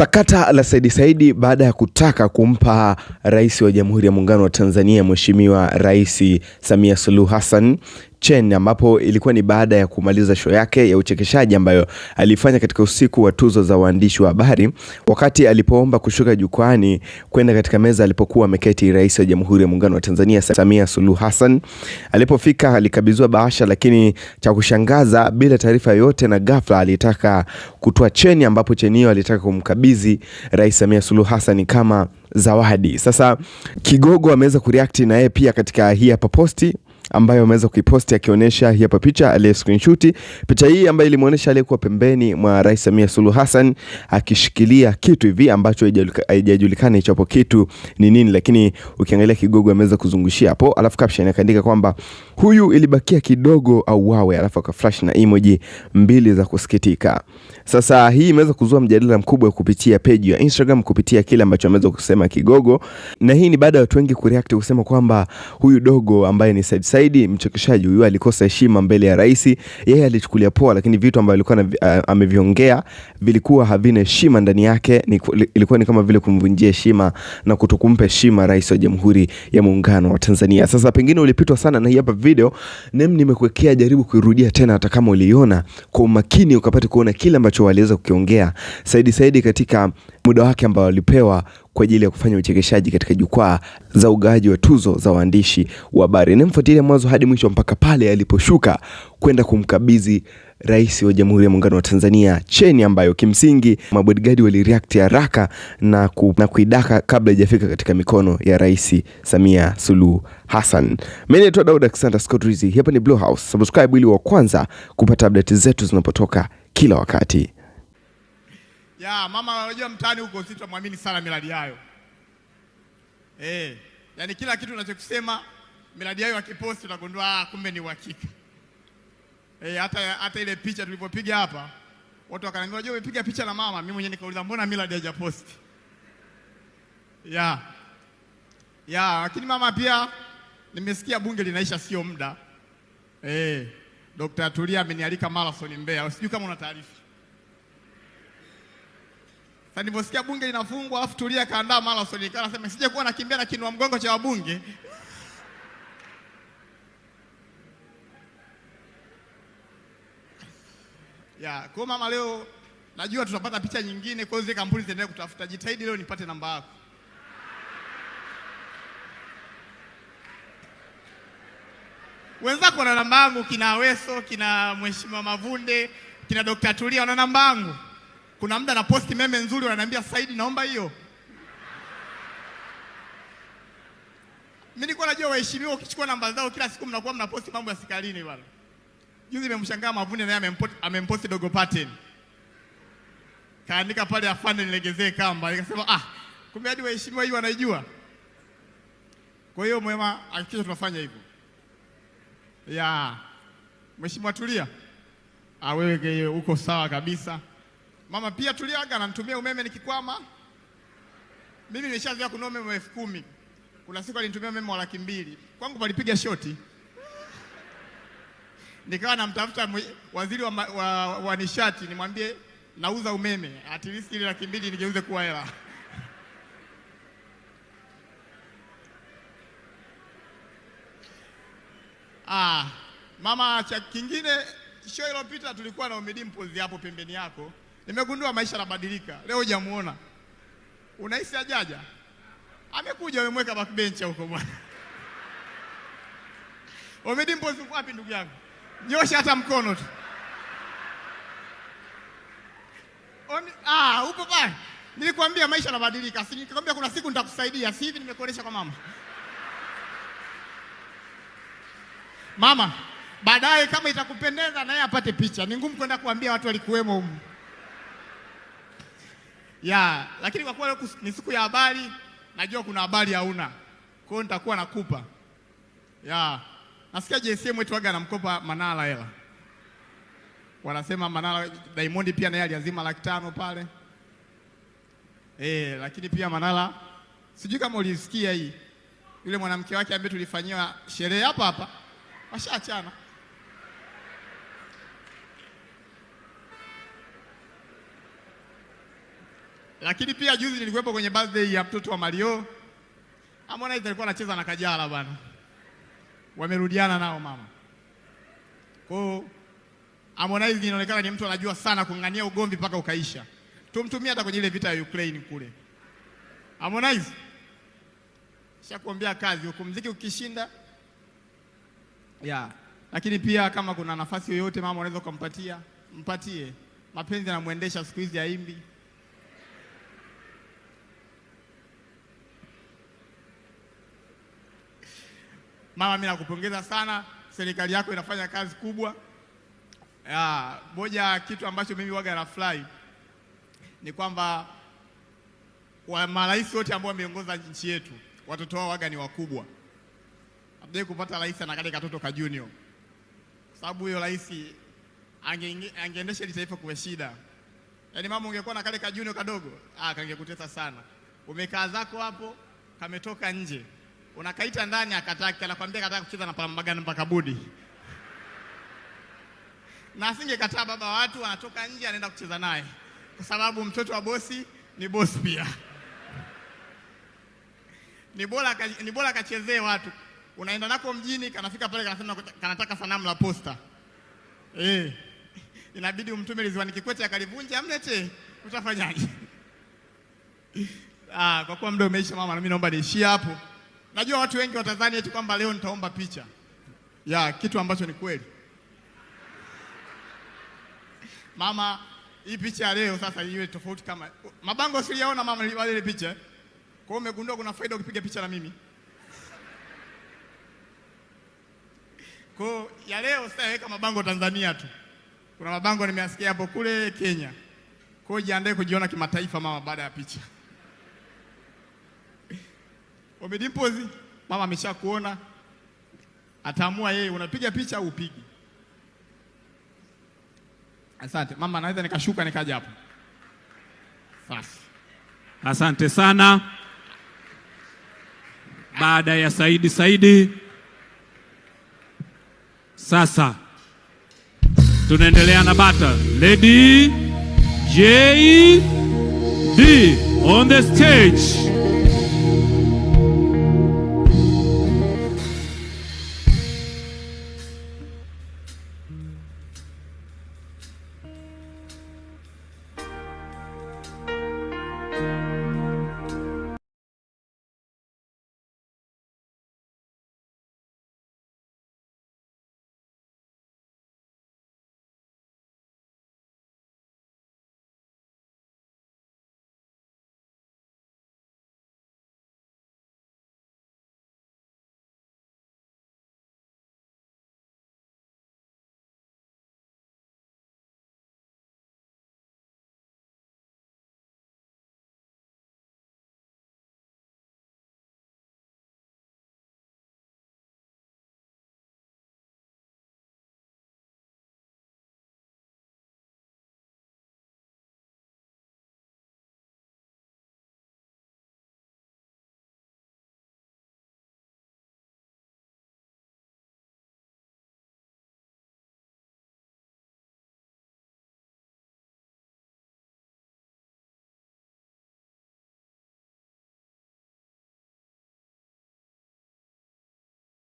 Sakata la Saidi Saidi baada ya kutaka kumpa Rais wa Jamhuri ya Muungano wa Tanzania Mheshimiwa Rais Samia Suluhu Hassan Chen ambapo ilikuwa ni baada ya kumaliza show yake ya uchekeshaji ambayo alifanya katika usiku wa tuzo za waandishi wa habari, wakati alipoomba kushuka jukwani kwenda katika meza alipokuwa ameketi Rais wa Jamhuri ya Muungano wa Tanzania Samia Suluhu Hassan. Alipofika alikabidhiwa bahasha, lakini cha kushangaza, bila taarifa yoyote na ghafla alitaka kutoa cheni, ambapo cheni hiyo alitaka kumkabidhi Rais Samia Suluhu Hassan kama zawadi. Sasa Kigogo ameweza kureact na yeye pia katika hii hapa posti ambayo ameweza kuiposti akionyesha hii hapa picha aliye screenshot picha hii ambayo ilimuonesha aliyekuwa pembeni mwa Rais Samia Suluhu Hassan akishikilia kitu hivi ambacho haijajulikana hicho hapo kitu ni nini, lakini ukiangalia kigogo ameweza kuzungushia hapo, alafu caption akaandika kwamba huyu ilibakia kidogo au wawe, alafu akaflash na emoji mbili za kusikitika. Sasa hii imeweza kuzua mjadala mkubwa kupitia page ya Instagram kupitia kile ambacho ameweza kusema kigogo, na hii ni baada ya watu wengi kureact kusema kwamba huyu dogo ambaye ni side side zaidi, mchekeshaji huyu alikosa heshima mbele ya rais. Yeye alichukulia poa, lakini vitu ambavyo alikuwa uh, ameviongea vilikuwa havina heshima ndani yake. Ilikuwa ni kama vile kumvunjia heshima na kutokumpa heshima rais wa Jamhuri ya Muungano wa Tanzania. Sasa pengine ulipitwa sana na hii hapa video nem, nimekuwekea jaribu kuirudia tena, hata kama uliona kwa umakini ukapata kuona kile ambacho waliweza kukiongea Saidi Saidi katika muda wake ambao alipewa kwa ajili ya kufanya uchekeshaji katika jukwaa za ugawaji wa tuzo za waandishi wa habari. Nimfuatilia mwanzo hadi mwisho mpaka pale aliposhuka kwenda kumkabidhi Rais wa Jamhuri ya Muungano wa Tanzania cheni ambayo kimsingi mabodigadi walireact haraka na, ku, na kuidaka kabla haijafika katika mikono ya Rais Samia Suluhu Hassan. Mimi naitwa Daud Alexander Scott Rizzi. Hapa ni Blue House. Subscribe ili wa kwanza kupata update zetu zinapotoka kila wakati ya mama anajua mtaani huko sita sitamwamini sana miradi yayo eh, yani kila kitu unachokisema miradi yayo akiposti unagundua ah, kumbe ni uhakika eh, hata, hata ile picha tulipopiga hapa watu wakaniambia unajua umepiga picha na mama. Mimi mwenyewe nikauliza mbona miradi haijaposti? ya ya, lakini mama pia nimesikia bunge linaisha sio muda eh, Dr. Tulia amenialika marathon Mbeya, sijui kama una taarifa na nilivyosikia bunge linafungwa afu Tulia kaandaa marathon, nikawa nasema sije kuwa nakimbia na kinua mgongo cha wabunge. Ya, kwa mama leo najua tutapata picha nyingine, kwa hiyo zile kampuni zitaendelea kutafuta. Jitahidi leo nipate namba yako. Wenzako wana namba yangu, kina Aweso, kina Mheshimiwa Mavunde, kina Dr. Tulia wana namba yangu. Kuna muda na posti meme nzuri, wananiambia Saidi, naomba hiyo. Mimi nilikuwa najua waheshimiwa, ukichukua namba zao kila siku mnakuwa mnaposti mambo ya sikalini bwana. Juzi nimemshangaa mavuni naye amemposti dogo pattern. kaandika pale afande nilegezee kamba, nikasema ah, kumbe hadi waheshimiwa hii wanaijua. Kwa hiyo mwema, hakikisha tunafanya hivyo ya Mheshimiwa Tulia, ah, wewe uko sawa kabisa. Mama pia tuliaga ananitumia umeme nikikwama. Mimi nimeshazoea kununua umeme wa elfu kumi. Kuna siku alinitumia umeme wa laki mbili. Kwangu palipiga shoti. Nikawa namtafuta waziri wa, wa, wa nishati nimwambie nauza umeme at least ile laki mbili nigeuze kuwa hela. Ah, mama, cha kingine show iliyopita tulikuwa na umidimpozi hapo pembeni yako. Nimegundua maisha yanabadilika. Leo hujamuona, unahisi ajaja, amekuja amemweka backbench huko bwana. Umedimpozi wapi ndugu yangu? Nyosha hata mkono tu. Ah, upo pale. Nilikwambia maisha yanabadilika. Si nikwambia kuna siku nitakusaidia. Si hivi nimekuonesha kwa mama. Mama, baadaye kama itakupendeza naye apate picha. Ni ngumu kwenda kuambia watu walikuwemo huko ya lakini kwa kuwa leo ni siku ya habari, najua kuna habari hauna, kwa hiyo nitakuwa nakupa ya. Nasikia JSM wetu waga anamkopa Manara hela, wanasema Manara Diamond pia naye aliazima laki tano pale e, lakini pia Manara sijui kama ulisikia hii, yule mwanamke wake ambaye tulifanyia sherehe hapa hapa, washaachana Lakini pia juzi nilikuwepo kwenye birthday ya mtoto wa Mario. Harmonize alikuwa anacheza na Kajala bwana, wamerudiana nao mama. Kwa hiyo Harmonize inaonekana ni mtu anajua sana kung'ania ugomvi mpaka ukaisha. Tumtumia hata kwenye ile vita ya Ukraine kule. Harmonize shakuambia kazi huko, mziki ukishinda yeah. Lakini pia kama kuna nafasi yoyote mama unaweza ukampatia, mpatie. Mapenzi yanamwendesha siku hizi, imbi. Mama, mimi nakupongeza sana, serikali yako inafanya kazi kubwa. Moja kitu ambacho mimi waga fly ni kwamba marais wote ambao wameongoza nchi yetu watoto wao waga ni wakubwa. Hamjai kupata rais anakale katoto ka junior, sababu huyo rais angeendesha hili taifa kwa shida. Yaani mama, ungekuwa na kale ka junior kadogo, ah, kangekutesa sana. Umekaa zako hapo, kametoka nje Unakaita ndani akataki, anakwambia kataka kucheza na mpaka budi Na asingekataa baba watu, anatoka nje anaenda kucheza naye, kwa sababu mtoto wa bosi ni bosi pia. Ni bora ni bora akachezee watu. Unaenda nako mjini, kanafika pale kanasema kanataka sanamu la posta eh, inabidi umtume Liziwani Kikwete akalivunja amlete, utafanyaje? Ah, kwa kuwa muda umeisha mama, na mimi naomba niishie hapo. Najua watu wengi watadhani eti kwamba leo nitaomba picha ya kitu ambacho ni kweli. Mama, hii picha ya leo sasa iwe tofauti kama mabango siliyaona mama, niliona ile picha. Kwa hiyo umegundua kuna faida ukipiga picha na mimi. Kwa hiyo ya leo sitaweka mabango Tanzania tu, kuna mabango nimeasikia hapo kule Kenya. Kwa hiyo jiandae kujiona kimataifa mama, baada ya picha. Umedimpozi, mama ameshakuona, ataamua yeye unapiga picha au upigi. Asante mama, naweza nikashuka nikaja hapo sasa. Asante sana. Baada ya Saidi Saidi, sasa tunaendelea na battle. Lady JD on the stage.